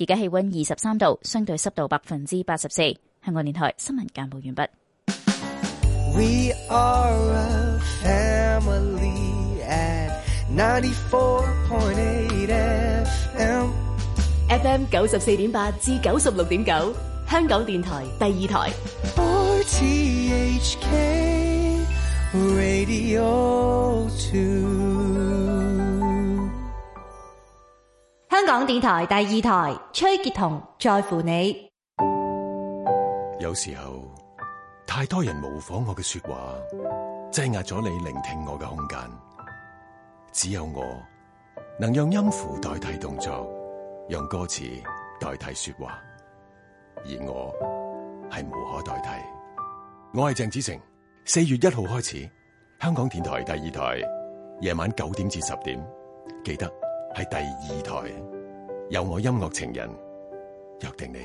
而家氣溫二十三度，相對濕度百分之八十四。香港電台新聞簡報完畢。FM 九十四點八至九十六點九，香港電台第二台。電台第二台，崔傑彤在乎你。有時候太多人模仿我嘅說話，擠壓咗你聆聽我嘅空間。只有我能用音符代替動作，用歌詞代替說話，而我係無可代替。我係鄭子誠，四月一號開始，香港電台第二台，夜晚九點至十點，記得係第二台。有我音樂情人約定你，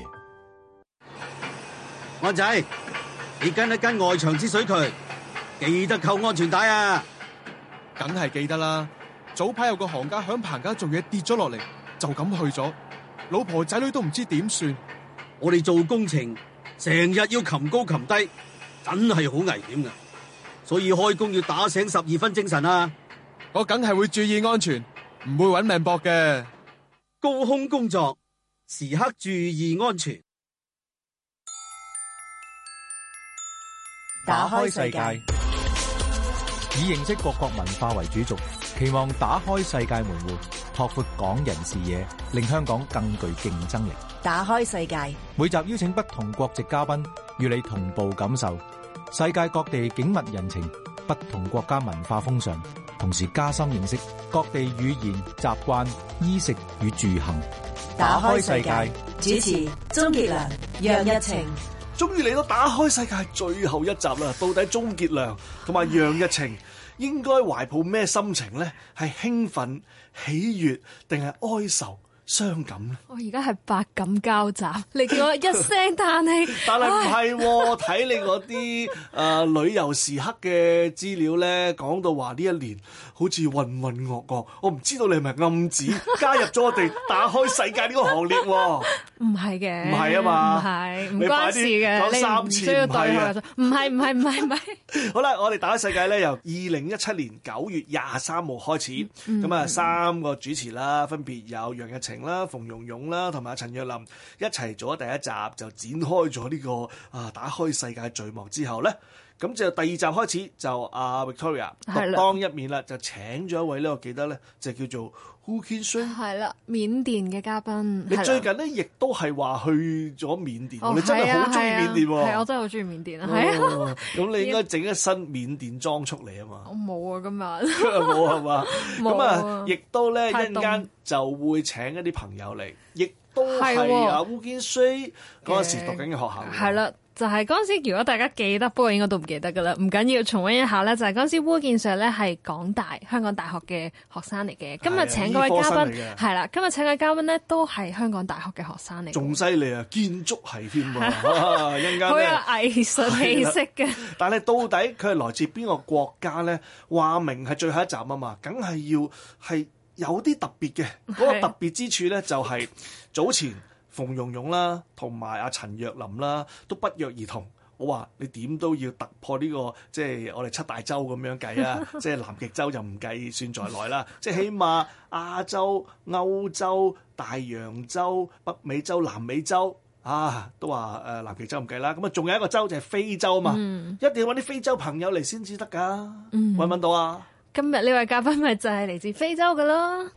安仔，你跟一跟外牆之水渠，記得扣安全帶啊！梗係記得啦。早排有個行家響棚架做嘢跌咗落嚟，就咁去咗，老婆仔女都唔知點算。我哋做工程，成日要擒高擒低，真係好危險㗎。所以開工要打醒十二分精神啊！我梗係會注意安全，唔會揾命搏嘅。高空工作，時刻注意安全。打開世界，以認識各國文化為主軸，期望打開世界門戶，拓闊港人視野，令香港更具競爭力。打開世界，每集邀請不同國籍嘉賓，與你同步感受世界各地景物人情。不同國家文化風尚，同時加深認識各地語言、習慣、衣食與住行。打開世界主持鍾傑良、楊逸晴，終於嚟到打開世界最後一集啦！到底鍾傑良同埋楊逸晴應該懷抱咩心情呢？係興奮、喜悅，定係哀愁？傷感咧，我而家係百感交集，你叫我一聲嘆氣。但係唔係喎？睇你嗰啲誒旅遊時刻嘅資料咧，講到話呢一年好似混混噩噩，我唔知道你係咪暗指加入咗我哋打開世界呢個行列喎？唔係嘅，唔係啊嘛，唔係唔關事嘅，講三次唔係啊，唔係唔係唔係唔係。好啦，我哋打開世界咧，由二零一七年九月廿三號開始，咁啊三個主持啦，分別有楊逸晴。啦，馮蓉蓉啦，同埋阿陳若琳一齊做咗第一集，就展開咗呢個啊打開世界序幕。之後呢，咁就第二集開始就阿、啊、Victoria 獨的當一面啦，就請咗一位呢。我記得呢，就叫做。Ukissi 係啦，緬甸嘅嘉賓。你最近咧，亦都係話去咗緬甸，你真係好中意緬甸。係啊，我真係好中意緬甸啊！咁你應該整一身緬甸裝出嚟啊嘛！我冇啊，今日冇係嘛？咁啊，亦都咧一陣間就會請一啲朋友嚟，亦都係啊 Ukissi 嗰陣時讀緊嘅學校。係啦。就係嗰陣時，如果大家記得，不過應該都唔記得噶啦。唔緊要，重溫一下咧。就係嗰陣時，烏建碩咧係港大香港大學嘅學生嚟嘅。今日請各位嘉賓係啦。今日請嘅嘉賓咧都係香港大學嘅學生嚟。仲犀利啊！建築系添啊，一間好有藝術氣息嘅。但係到底佢係來自邊個國家咧？話明係最後一集啊嘛，梗係要係有啲特別嘅。嗰個特別之處咧，就係早前。 馮蓉蓉啦，同埋阿陳若琳啦，都不約而同，我話你點都要突破呢個，即係我哋七大洲咁樣計啊， 即係南極洲就唔計算，算在內啦， 即係起碼亞洲、歐洲、大洋洲、北美洲、南美洲，啊，都話誒南極洲唔計啦，咁啊仲有一個洲就係非洲啊嘛，嗯、一定要揾啲非洲朋友嚟先至得噶，揾唔揾到啊？今日呢位嘉賓咪就係嚟自非洲噶咯。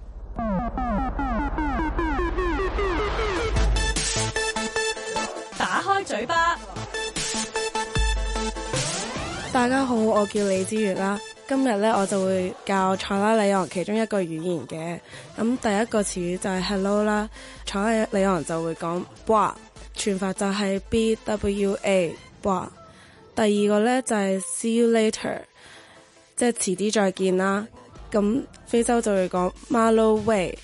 大家好，我叫李紫悅啦。今日咧，我就會教塞拉利昂其中一個語言嘅咁、嗯。第一個詞語就係 hello 啦，塞拉利昂就會講 bwa，全法就係 bwa b,、w a、b 第二個咧就係、是、see you later，即係遲啲再見啦。咁、嗯、非洲就會講 maloway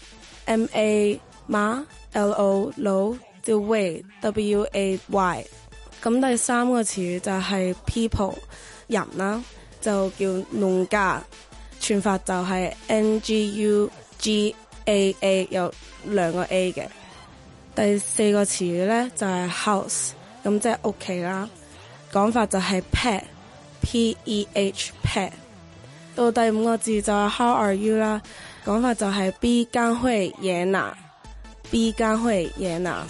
m, way, m a m, a m a l o low the way w a y。咁、嗯、第三個詞語就係 people。人啦，就叫農家，串法就係 N G U G A A，有兩個 A 嘅。第四個詞語咧就係 house，咁即係屋企啦。講法就係 pet，P E H pet。到第五個字就係 how are you 啦，講法就係 B 間開野難，B 間開野難。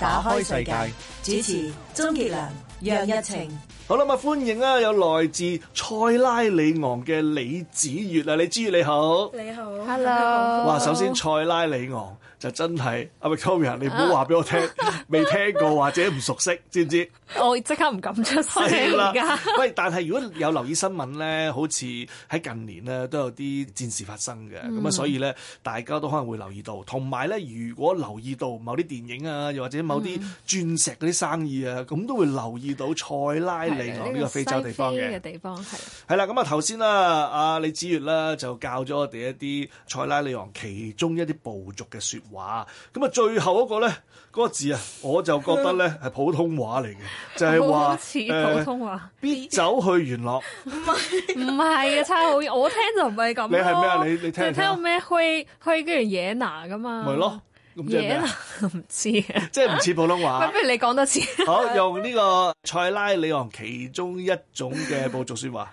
打開世界主持鍾傑良楊逸晴好啦，咁啊歡迎啊有來自塞拉利昂嘅李紫悅啊，李紫悅你好，你好，Hello，哇，首先塞拉利昂就真係啊，咪 Victoria 你唔好話俾我聽未 聽過或者唔熟悉，知唔知？我即刻唔敢出聲啦！喂的，但係如果有留意新聞咧，好似喺近年咧都有啲戰事發生嘅，咁啊、嗯，所以咧大家都可能會留意到，同埋咧，如果留意到某啲電影啊，又或者某啲鑽石啲生意啊，咁、嗯、都會留意到塞拉利昂呢個非洲地方嘅、呢個、地方係。係啦，咁啊頭先啦，阿李紫悅啦、啊、就教咗我哋一啲塞拉利昂其中一啲部族嘅説話，咁啊最後嗰個咧嗰、嗰個字啊，我就覺得咧係、嗯、普通話嚟嘅。就係好似普通話，B 走去元朗，唔係唔係嘅，差好遠，我聽就唔係咁。你係咩啊？你你聽，聽咩虛虛居然野拿噶嘛？唔係咯，野拿唔知，即係唔似普通話。不如你講多次。好，用呢個塞拉里昂其中一種嘅部族説話。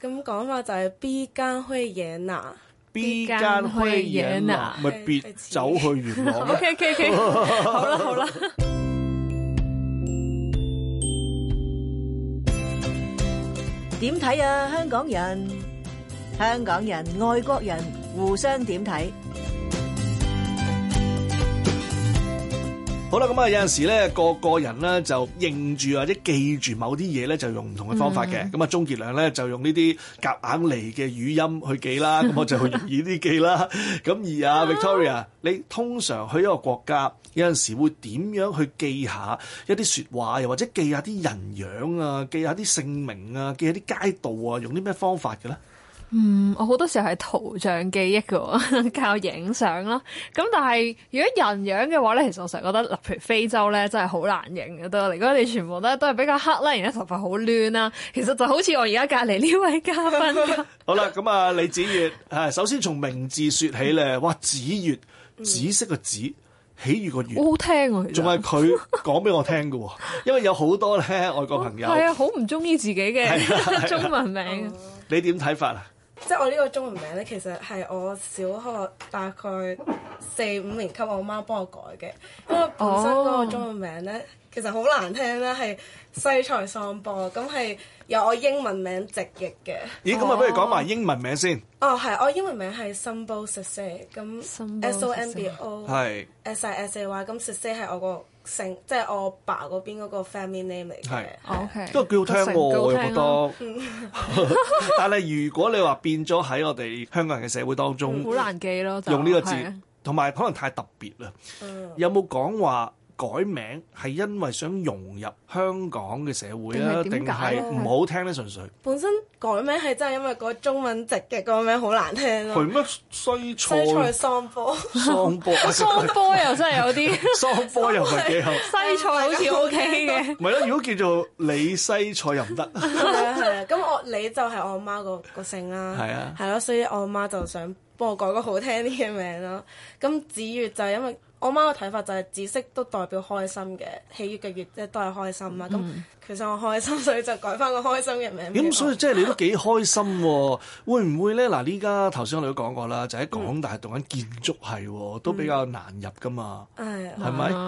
咁講法就係 B 間虛野拿，B 間虛野拿，唔係別走去元朗。OK OK OK 好啦好啦。點睇啊？香港人、香港人、外國人互相點睇？好啦，咁啊有陣時咧，個個人咧就認住或者記住某啲嘢咧，就用唔同嘅方法嘅。咁啊，鍾傑良咧就用呢啲夾硬嚟嘅語音去記啦。咁我就容易啲記啦。咁而啊 Victoria，你通常去一個國家？有陣時會點樣去記下一啲説話又，又或者記下啲人樣啊，記下啲姓名啊，記下啲街道啊，用啲咩方法嘅咧？嗯，我好多時候係圖像記憶嘅，靠影相咯。咁但係如果人樣嘅話咧，其實我成日覺得，譬如非洲咧真係好難影嘅。對我嚟講，你全部都都係比較黑啦，而且頭髮好攣啦。其實就好似我而家隔離呢位嘉賓。好啦，咁啊李紫悅，係 首先從名字說起咧。哇，紫悅，紫色嘅紫。紫紫紫悅個好聽喎、啊。仲係佢講俾我聽嘅喎， 因為有好多咧外國朋友係、哦、啊，好唔中意自己嘅 中文名。你點睇法啊？即係我呢個中文名咧，其實係我小學大概四五年級，我媽幫我改嘅，因為本身嗰個中文名咧。Oh. 其實好難聽啦，係西財桑波，咁係由我英文名直譯嘅。咦，咁啊不如講埋英文名先。哦，係，我英文名係 Sombo Sisay，咁 S-O-M-B-O，係 S-I-S-A-Y，Sisay 係我個姓，即係我爸嗰邊嗰個 family name 嚟嘅。係，OK，都幾好聽喎、哦，我覺得。但係如果你話變咗喺我哋香港人嘅社會當中，好、嗯、難記咯，用呢個字，同埋嗎可能太特別啦。嗯、有冇講話？改名係因為想融入香港嘅社會啦、啊，定係唔好聽咧？純粹本身改名係真係因為個中文籍嘅、那個名好難聽咯、啊。佢咩西菜？西菜桑波，桑波， 桑波又真係有啲，桑波又唔係幾好。西菜好似 OK 嘅。唔係咯，如果叫做李西菜又唔得。 啊，咁、啊、我你就係我媽個個姓啦。係啊。係咯、啊，所以我媽就想幫我改個好聽啲嘅名咯。咁紫悅就係因為。我媽嘅睇法就係紫色都代表開心嘅，喜悅嘅悅即係都係開心啦。咁、嗯、其實我開心所以就改翻個開心嘅名。咁、嗯嗯、所以即係你都幾開心喎、哦？ 會唔會咧？嗱，呢家頭先我哋都講過啦，就喺、是、港大讀緊建築系、哦，嗯、都比較難入噶嘛。係、嗯，係咪？咁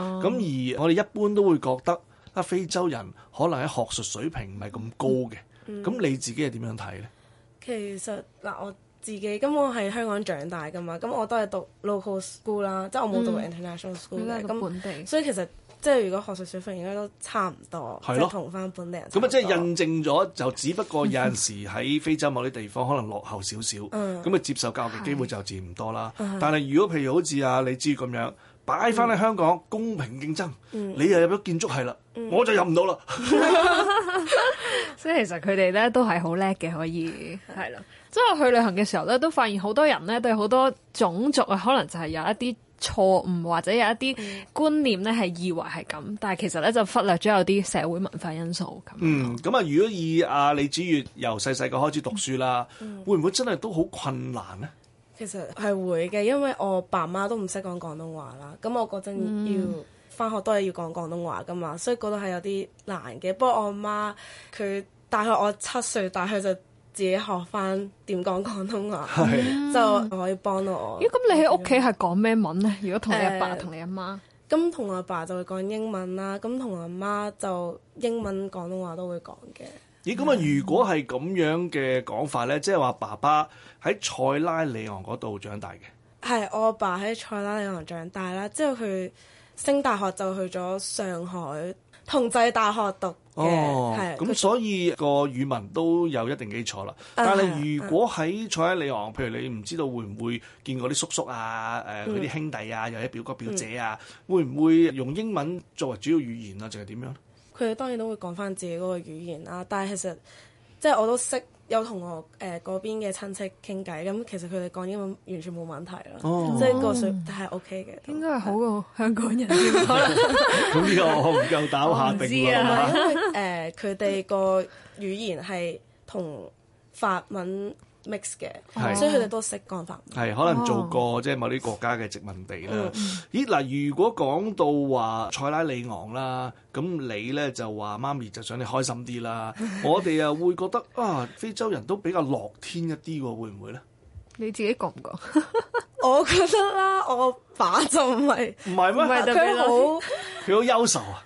哇而我哋一般都會覺得啊，非洲人可能喺學術水平唔係咁高嘅。咁、嗯嗯嗯、你自己係點樣睇咧？其實嗱，我。自己咁我喺香港長大噶嘛，咁我都係讀 local school 啦，即係我冇讀 international school 嘅，咁所以其實即係如果學術水平應該都差唔多，即係同翻本地人。咁啊，即係印證咗，就只不過有陣時喺非洲某啲地方可能落後少少，咁啊接受教育嘅機會就自然唔多啦。但係如果譬如好似阿你知咁樣擺翻喺香港公平競爭，你又入咗建築系啦，我就入唔到啦。所以其實佢哋咧都係好叻嘅，可以係啦。即係去旅行嘅時候咧，都發現好多人咧對好多種族啊，可能就係有一啲錯誤或者有一啲觀念咧，係以為係咁，但係其實咧就忽略咗有啲社會文化因素。嗯，咁、嗯、啊，嗯嗯、如果以阿李紫悅由細細個開始讀書啦，嗯、會唔會真係都好困難呢？其實係會嘅，因為我爸媽都唔識講廣東話啦，咁我嗰陣要翻學都係要講廣東話噶嘛，所以覺得係有啲難嘅。不過我媽佢大概我七歲，大概就。自己學翻點講廣東話，的就可以幫到我。咦、啊？咁你喺屋企係講咩文呢？如果同你阿爸同、呃、你阿媽，咁同阿爸就會講英文啦，咁同阿媽就英文、廣東話都會講嘅。咦、嗯？咁啊、嗯，如果係咁樣嘅講法呢？即係話爸爸喺塞拉利昂嗰度長大嘅，係我阿爸喺塞拉利昂長大啦，之後佢升大學就去咗上海同濟大學讀。哦，咁所以個語文都有一定基礎啦。Uh, 但係如果喺、uh, uh, 塞拉利昂，譬如你唔知道會唔會見嗰啲叔叔啊、誒佢啲兄弟啊，又係表哥表姐啊，um, 會唔會用英文作為主要語言啊？定係點樣？佢哋當然都會講翻自己嗰個語言啊，但係其實。即係我都識，有同學誒嗰邊嘅親戚傾偈，咁、嗯、其實佢哋講英文完全冇問題啦，哦、即係個水平係 OK 嘅。應該係好過香港人。咁呢個我唔夠膽下定知啦、啊。誒、嗯，佢哋個語言係同法文 mix 嘅，所以佢哋都識講法。係可能做過即係某啲國家嘅殖民地啦。咦嗱，如果講到話塞拉利昂啦，咁你咧就話媽咪就想你開心啲啦。我哋啊會覺得啊，非洲人都比較樂天一啲喎，會唔會咧？你自己講唔講？我覺得啦，我爸就唔係唔係咩？佢好優秀啊！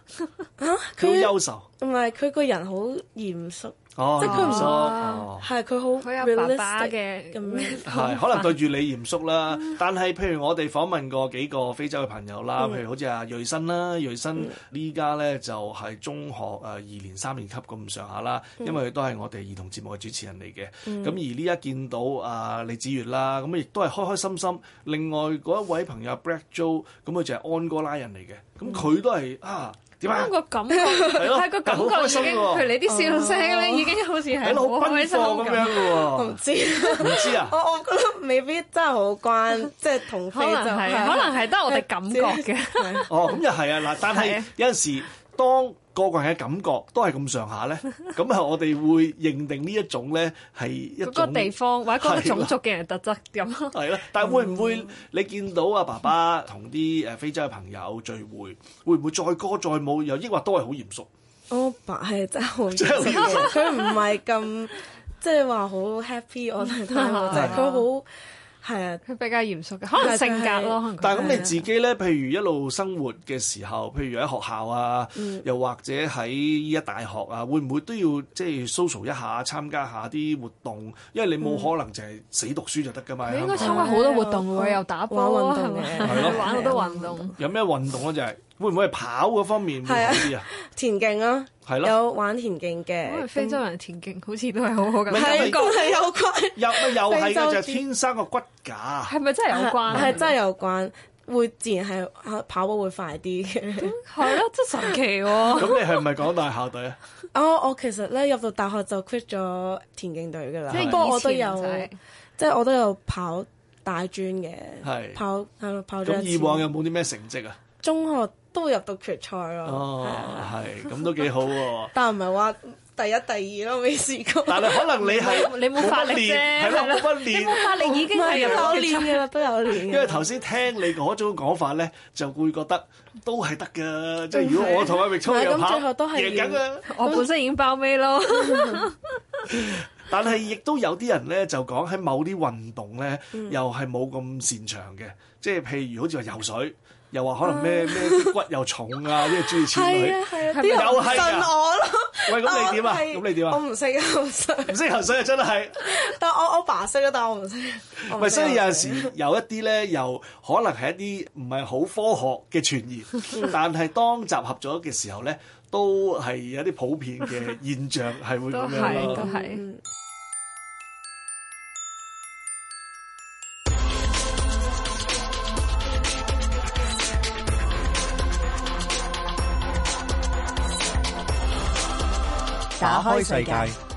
佢好優秀，唔係佢個人好嚴肅。哦，唔錯是、啊，係佢好，佢、哦、有爸爸嘅咁。係， 可能對住你嚴肅啦，嗯、但係譬如我哋訪問過幾個非洲嘅朋友啦，嗯、譬如好似阿瑞新啦，瑞新呢家咧就係中學誒二、呃、年、三年級咁上下啦，嗯、因為都係我哋兒童節目嘅主持人嚟嘅。咁、嗯、而呢一見到阿、呃、李子月啦，咁亦都係開開心心。另外嗰一位朋友 Breck Joe，咁佢就係安哥拉人嚟嘅，咁佢都係啊。啊點啊？樣 嗯那個感覺係咯，好 了 開心嘅喎。佢哋啲笑聲咧，已經好似喺係好開心咁樣嘅喎。我唔知唔知啊？ 我我覺得未必真係好關，即係 同飛就 可能係、啊 啊、可能係都係我哋感覺嘅。 哎、 哦，咁又係啊！嗱，但係有陣時。當個個人嘅感覺都係咁上下咧，咁啊，我哋會認定呢一種咧係一個地方或者嗰個種族嘅人特質咁咯。係啦的，嗯、但係會唔會你見到阿爸爸同啲誒非洲嘅朋友聚會，會唔會載歌載舞，又抑或都係好嚴肅？哦，爸係真係好嚴肅，佢唔係咁即係話好 happy，我睇睇即係佢好。 係啊，佢比較嚴肅嘅，可能性格咯。是是但係咁你自己咧，啊、譬如一路生活嘅時候，譬如喺學校啊，嗯、又或者喺依一大學啊，會唔會都要即係 social 一下，參加下啲活動？因為你冇可能就係死讀書就得噶嘛。嗯、吧你應該參加好多活動喎，啊、又打波啊，係咪、哦？係咯，玩好多運動。有咩運動咧、啊？就係。會唔會係跑嗰方面？係啊，田徑啊，係咯，有玩田徑嘅。非洲人田徑好似都係好好噶，係講係有關。又又係就係天生個骨架，係咪真係有關？係真係有關，會自然係跑步會快啲嘅。係咯，真係神奇喎！咁你係唔係港大校隊啊？哦，我其實咧入到大學就 quit 咗田徑隊噶啦，即係不過我都有，即係我都有跑大專嘅，係跑係咯跑咗。咁以往有冇啲咩成績啊？中學。都會入到決賽咯，哦，係咁都幾好喎。但係唔係話第一、第二咯，未試過。但係可能你係你冇發力啫，係咯，冇發力，已經係都有練嘅啦，都有練。因為頭先聽你嗰種講法咧，就會覺得都係得噶。即係如果我同阿明超又拍，贏緊啊！我本身已經包尾咯。但係亦都有啲人咧，就講喺某啲運動咧，又係冇咁擅長嘅，即係譬如好似話游水。又話可能咩咩骨又重啊，因為中意雌女，啊、又係噶，啊， 喂，咁你點啊？咁你點啊？我唔識啊，唔識唔識，頭水啊，真係。但係我我爸識啊，但我唔識。唔，所以有陣時有一啲咧，又可能係一啲唔係好科學嘅傳言， 但係當集合咗嘅時候咧，都係有啲普遍嘅現象係 會咁樣咯。都打開世界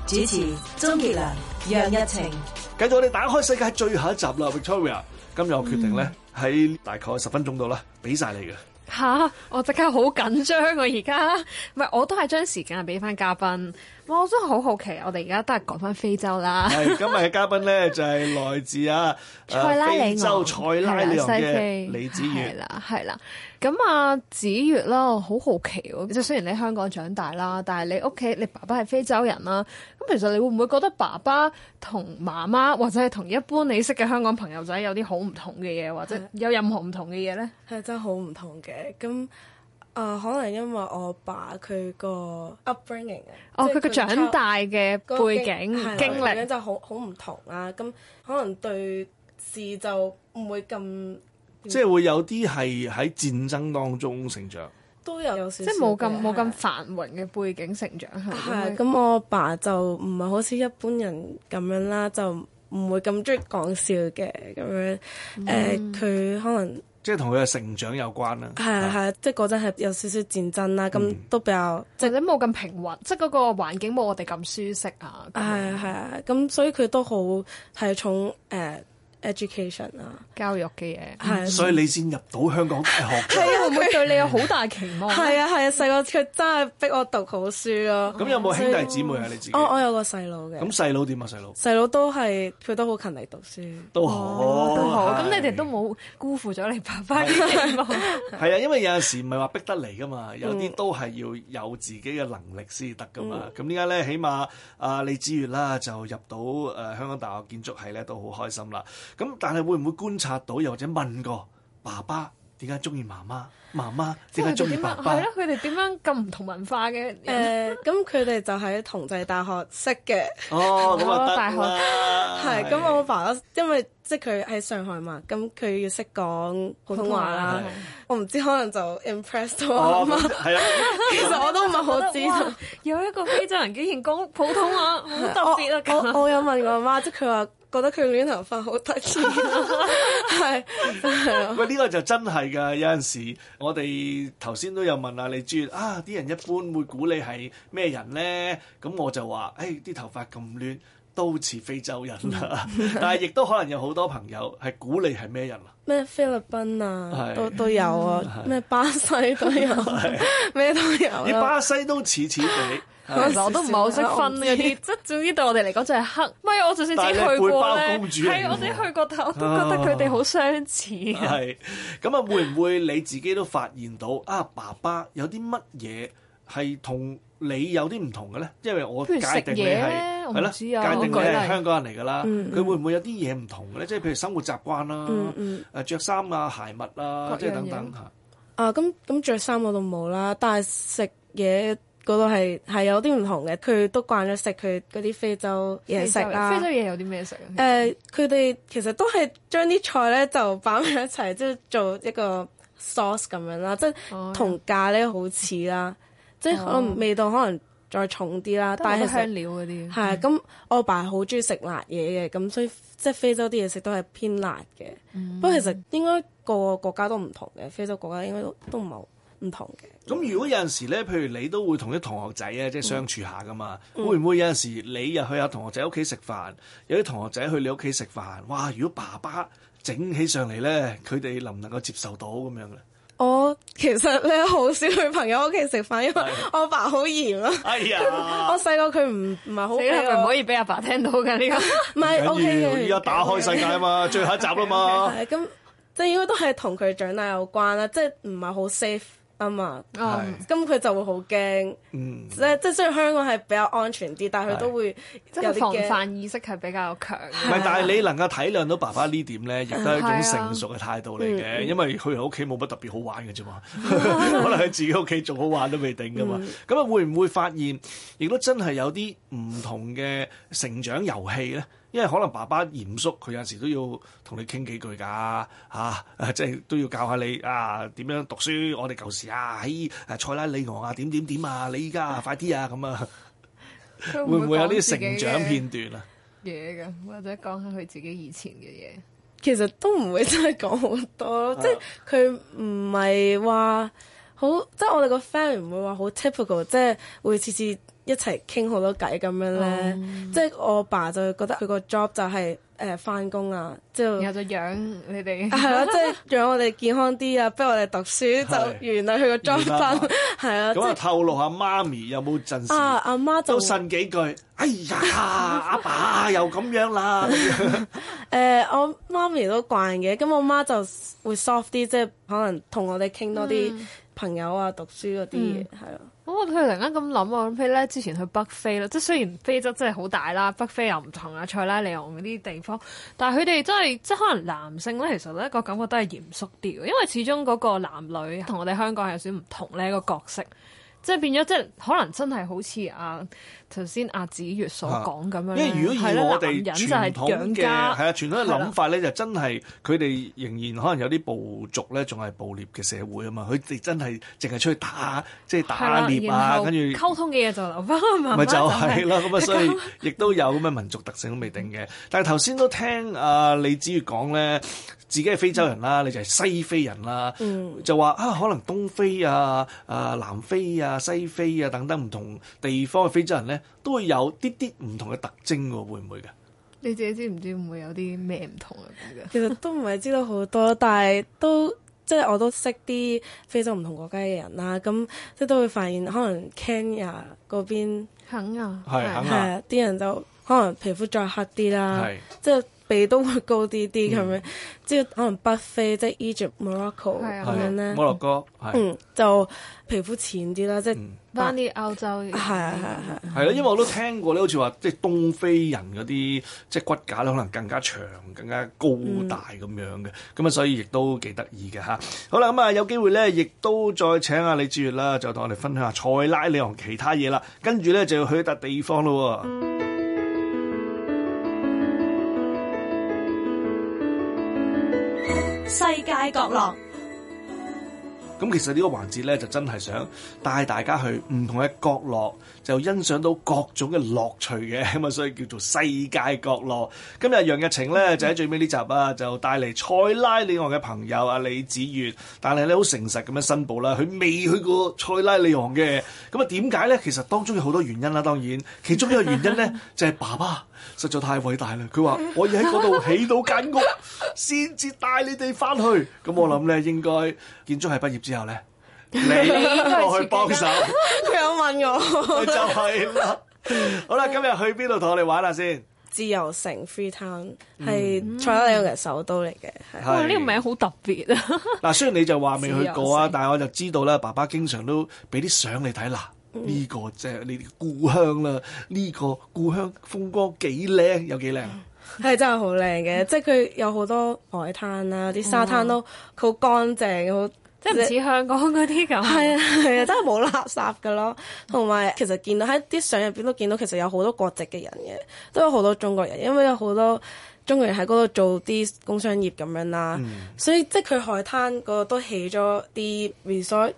主持鍾傑良楊逸晴，繼續我哋打開世界最後一集啦，Victoria。今日我決定咧，喺大概十分鐘度啦，俾晒你嘅。吓、啊，我即刻好緊張我而家，唔係我都係將時間俾翻嘉賓。我真係好好奇，我哋而家都係講翻非洲啦。係今日嘅嘉賓咧，就係、是、來自啊、 呃、非洲塞拉利昂嘅李紫悅。係啦，係啦。咁啊，紫悅啦，好好奇喎、啊。即係雖然你香港長大啦，但係你屋企你爸爸係非洲人啦、啊。咁其實你會唔會覺得爸爸同媽媽或者係同一般你識嘅香港朋友仔有啲好唔同嘅嘢，或者有任何唔同嘅嘢呢？係真係好唔同嘅。咁啊、呃，可能因為我爸佢個 upbringing，、哦、即係佢嘅長大嘅背景、哦、經歷，就好好唔同啦、啊。咁可能對事就唔會咁。即係會有啲係喺戰爭當中成長，都有少少，即係冇咁冇咁繁榮嘅背景成長係。咁我阿爸就唔係好似一般人咁樣啦，就唔會咁中意講笑嘅咁樣。誒，佢可能即係同佢嘅成長有關啦。係啊係啊，即係嗰陣係有少少戰爭啦，咁都比較即係冇咁平滑，即係嗰個環境冇我哋咁舒適啊。係啊係啊，咁所以佢都好係從誒。education 啊，教育嘅嘢，所以你先入到香港大學，係啊，會唔會對你有好大期望？係啊，係啊，細個佢真係逼我讀好書咯。咁有冇兄弟姊妹啊？你自己？我我有個細佬嘅。咁細佬點啊？細佬細佬都係佢都好勤力讀書，都好都好。咁你哋都冇辜負咗你爸爸嘅期望。係啊，因為有陣時唔係話逼得嚟噶嘛，有啲都係要有自己嘅能力先得噶嘛。咁點解咧？起碼啊李紫悅啦，就入到誒香港大學建築系咧，都好開心啦。咁但係會唔會觀察到，又或者問過爸爸點解鍾意媽媽，媽媽點解鍾意爸爸？係咯，佢哋點樣咁唔同文化嘅？誒，咁佢哋就喺同濟大學識嘅。哦，咁啊得啦。係，咁我爸爸，因為即係佢喺上海嘛，咁佢要識講普通話啦。我唔知可能就 impressed 我啊嘛。啊，其實我都唔係好知道，有一個非洲人竟然講普通話，好特別啊！我我有問我媽，即係佢話。覺得佢亂頭髮好得意，係係 。喂，呢、呢個就真係㗎。有陣時我哋頭先都有問下啊，你知啊啲人一般會估你係咩人咧？咁我就話：誒、哎、啲頭髮咁亂，都似非洲人啦。 但係亦都可能有好多朋友係估你係咩人啊？咩 菲律賓啊，的都都有啊。咩的巴西都有、啊，咩的 都有、啊。你巴西都似似地。 嗰時我都唔係好識分嗰啲，即係總之對我哋嚟講就係黑。唔係我就算之前去過咧，係我哋去過，但係我都覺得佢哋好相似。係咁啊，會唔會你自己都發現到啊？爸爸有啲乜嘢係同你有啲唔同嘅咧？因為我界定你係係啦，界定你係香港人嚟㗎啦。佢會唔會有啲嘢唔同嘅咧？即係譬如生活習慣啦，誒，著衫啊、鞋襪啊，即係等等嚇。啊，咁咁著衫我都冇啦，但係食嘢。嗰度係係有啲唔同嘅，佢都慣咗食佢嗰啲非洲嘢食啦。非、非洲嘢有啲咩食？誒、呃，佢哋其實都係將啲菜咧就擺埋一齊，即係做一個 sauce 咁樣啦，即係同、oh. 咖喱好似啦，即係、oh. 可能味道可能再重啲啦。但係香料嗰啲。係啊，咁、嗯、我爸好中意食辣嘢嘅，咁所以即係非洲啲嘢食都係偏辣嘅。嗯、不過其實應該個個國家都唔同嘅，非洲國家應該都都唔係。唔同嘅。咁如果有陣時咧，譬如你都會同啲同學仔啊，即係相處下噶嘛。嗯、會唔會有陣時你入去阿同學仔屋企食飯，有啲同學仔去你屋企食飯，哇！如果爸爸整起上嚟咧，佢哋能唔能夠接受到咁樣咧？我其實咧好少去朋友屋企食飯，因為我爸好嚴啊。哎呀！我細個佢唔唔係好，死唔可以俾阿爸，爸聽到㗎呢個。唔係 OK，而家打開世界啊嘛，okay、最後一集啦嘛。咁即係應該都係同佢長大有關啦，即係唔係好 safe。啱啊，咁佢、嗯、就會好驚，即即、嗯、雖然香港係比較安全啲，嗯、但係佢都會有啲防範意識係比較強。唔係、啊，但係你能夠體諒到爸爸點呢點咧，亦都係一種成熟嘅態度嚟嘅。啊嗯、因為去人屋企冇乜特別好玩嘅啫、嗯、 嘛，可能喺自己屋企仲好玩都未定噶嘛。咁啊，會唔會發現亦都真係有啲唔同嘅成長遊戲咧？因為可能爸爸嚴肅，佢有時都要同你傾幾句噶，吓、啊啊，即係都要教下你啊，點樣讀書？我哋舊時啊，喺塞拉利昂啊，點點、啊、點啊，你依家快啲啊，咁啊，會唔會有啲成長片段啊？嘢噶，或者講下佢自己以前嘅嘢，其實都唔會真係講好多，啊、即係佢唔係話好，即係我哋個 family 唔會話好 typical，即係會次次。一齊傾好多偈咁樣咧，嗯、即係我爸就覺得佢個 job 就係誒翻工啊，之後然後養你哋，係 咯，即係養我哋健康啲啊，不如我哋讀書就原啦。佢個 job 就係啊。咁啊， 透露下媽咪有冇陣時都呻幾句？哎呀，阿爸又咁樣啦。誒 我媽咪都慣嘅，咁我媽就會 soft 啲，即係可能同我哋傾多啲朋友啊、讀書嗰啲嘢，係咯。我佢、嗯、突然間咁諗啊，諗起咧之前去北非啦，即係雖然非洲真係好大啦，北非又唔同啊，塞拉利昂嗰啲地方，但係佢哋真係即係可能男性咧，其實咧個感覺都係嚴肅啲，因為始終嗰個男女同我哋香港係有少少唔同咧個角色，即係變咗即係可能真係好似啊～頭先阿紫悅所講咁樣，因為如果以我哋傳統嘅係啊傳統嘅諗法咧，啊、就真係佢哋仍然可能有啲部族咧，仲係捕獵嘅社會啊嘛，佢哋真係淨係出去打即係、就是、打獵啊，跟住、啊、溝通嘅嘢就留翻咪就係咯咁啊，所以亦都有咁嘅民族特性都未定嘅。但係頭先都聽阿、uh，李紫悅講咧，自己係非洲人啦，嗯、你就係西非人啦，就話啊，可能東非啊、啊南非啊、西非啊等等唔同地方嘅非洲人咧。都會有啲啲唔同嘅特徵喎，會唔會㗎？你自己知唔知會有啲咩唔同啊？咁嘅其實都唔係知道好多，但係都即係我都識啲非洲唔同國家嘅人啦。咁即係都會發現，可能 Kenya 嗰邊肯啊，係肯啊，啲人就可能皮膚再黑啲啦，即係鼻都會高啲啲咁樣。即係可能北非，即係 Egypt、Morocco 咁樣咧。摩洛哥，嗯，就皮膚淺啲啦，即係。翻啲但歐洲嘅係係係係係啦，的嗯、因為我都聽過咧，好似話即係東非人嗰啲即係骨架咧，可能更加長、更加高大咁、嗯、樣嘅，咁啊所以亦都幾得意嘅吓，好啦，咁啊有機會咧，亦都再請阿李紫悅啦，就同我哋分享下塞拉利昂其他嘢啦。跟住咧就要去一笪地方咯、哦。世界角落。咁其實呢個環節呢，就真係想帶大家去唔同嘅角落，就欣賞到各種嘅樂趣嘅咁啊，所以叫做世界角落。今日楊逸晴呢，就喺最尾呢集啊，就帶嚟塞拉利昂嘅朋友啊李紫悅，但係呢，好誠實咁樣申報啦，佢未去過塞拉利昂嘅。咁啊，點解呢？其實當中有好多原因啦、啊，當然其中一個原因呢，就係、是、爸爸。 實在太偉大啦！佢話：我要喺嗰度起到間屋，先至帶你哋翻去。咁我諗咧，應該建築系畢業之後咧，你落去幫手。佢有問我，就係啦。好啦，今日去邊度同我哋玩下先？自由城 （Free Town） 係塞拉利昂首都嚟嘅，哇！呢個名好特別啊。嗱，雖然你就話未去過啊，但係我就知道咧，爸爸經常都俾啲相你睇啦。呢、嗯這個即係你故鄉啦，呢、這個故鄉風光幾靚，有幾靚？係真係好靚嘅，嗯、即係佢有好多海灘啦、啊，啲沙灘都好乾淨，好、嗯、即係唔似香港嗰啲咁。係啊係啊，真係冇垃圾㗎咯。同埋、嗯、其實見到喺啲相入邊都見到，其實有好多國籍嘅人嘅，都有好多中國人，因為有好多中國人喺嗰度做啲工商業咁樣啦、啊。嗯、所以即係佢海灘嗰度都起咗啲 resort。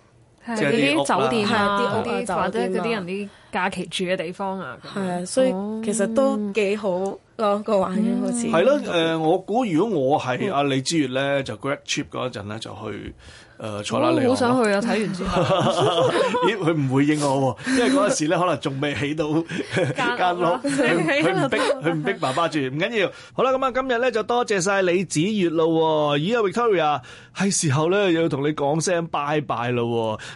係嗰啲酒店啊，啲嗰啲或者嗰啲人啲假期住嘅地方啊，係啊，所以其實都幾好。嗯個個玩嘅，好似係咯，誒 我估如果我係阿李紫悅咧，就 grad trip 嗰陣咧，就去誒、呃、塞拉利昂好想去啊！睇完之後， 咦，佢唔回應我，因為嗰陣時咧，可能仲未起到間屋，佢唔逼，佢唔逼，逼爸爸住，唔緊要。好啦，咁啊，今日咧就多謝晒李紫悅啦。咦啊，Victoria，係時候咧又要同你講聲拜拜啦，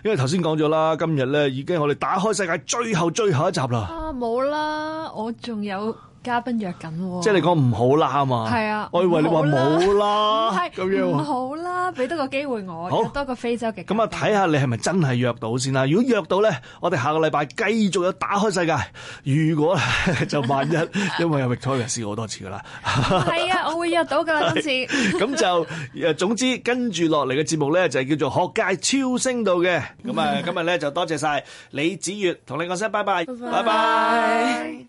因為頭先講咗啦，今日咧已經我哋打開世界最後最後一集啦。啊，冇啦，我仲有。嘉賓約緊，即係你講唔好啦嘛？係啊，我以為你話冇啦咁樣，好啦，俾多個機會我，多過非洲嘅。咁啊，睇下你係咪真係約到先啦。如果約到咧，我哋下個禮拜繼續有打開世界。如果就萬一，因為有 Victoria 試過好多次噶啦，係啊，我會約到噶啦今次。咁就誒，總之跟住落嚟嘅節目咧，就係叫做學界超聲度嘅。咁啊，今日咧就多謝晒李紫悅，同你講聲拜拜，拜拜。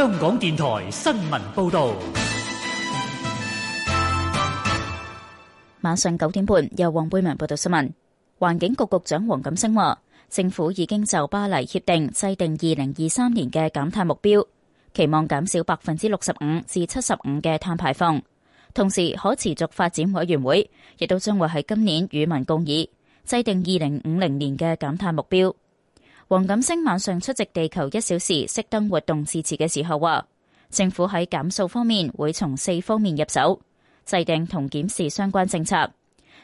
香港電台新聞報道，晚上九點半由黃貝文報道新聞。環境局局長黃錦星話，政府已經就巴黎協定制定二零二三年嘅減碳目標，期望減少百分之六十五至七十五嘅碳排放。同時，可持續發展委員會亦都將會喺今年與民共議，制定二零五零年嘅減碳目標。黃錦星晚上出席地球一小時熄燈活動致辭嘅時候話，政府喺減塑方面會從四方面入手，制定同檢視相關政策，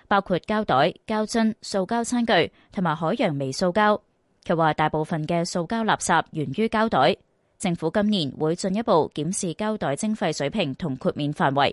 包括膠袋、膠樽、塑膠餐具同埋海洋微塑膠。佢話大部分嘅塑膠垃圾源於膠袋，政府今年會進一步檢視膠袋徵費水平同豁免範圍。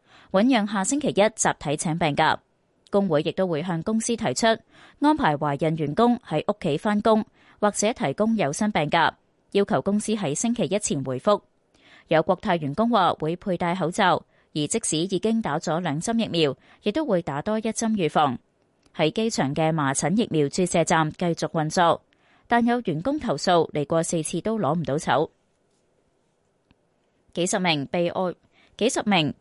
醞釀下星期一集體請病假，工會亦都會向公司提出安排懷孕員工喺屋企翻工，或者提供有薪病假，要求公司喺星期一前回覆。有國泰員工話會佩戴口罩，而即使已經打咗兩針疫苗，亦都會打多一針預防。喺機場嘅麻疹疫苗注射站繼續運作，但有員工投訴嚟過四次都攞唔到籌。幾十名被愛，幾十名被。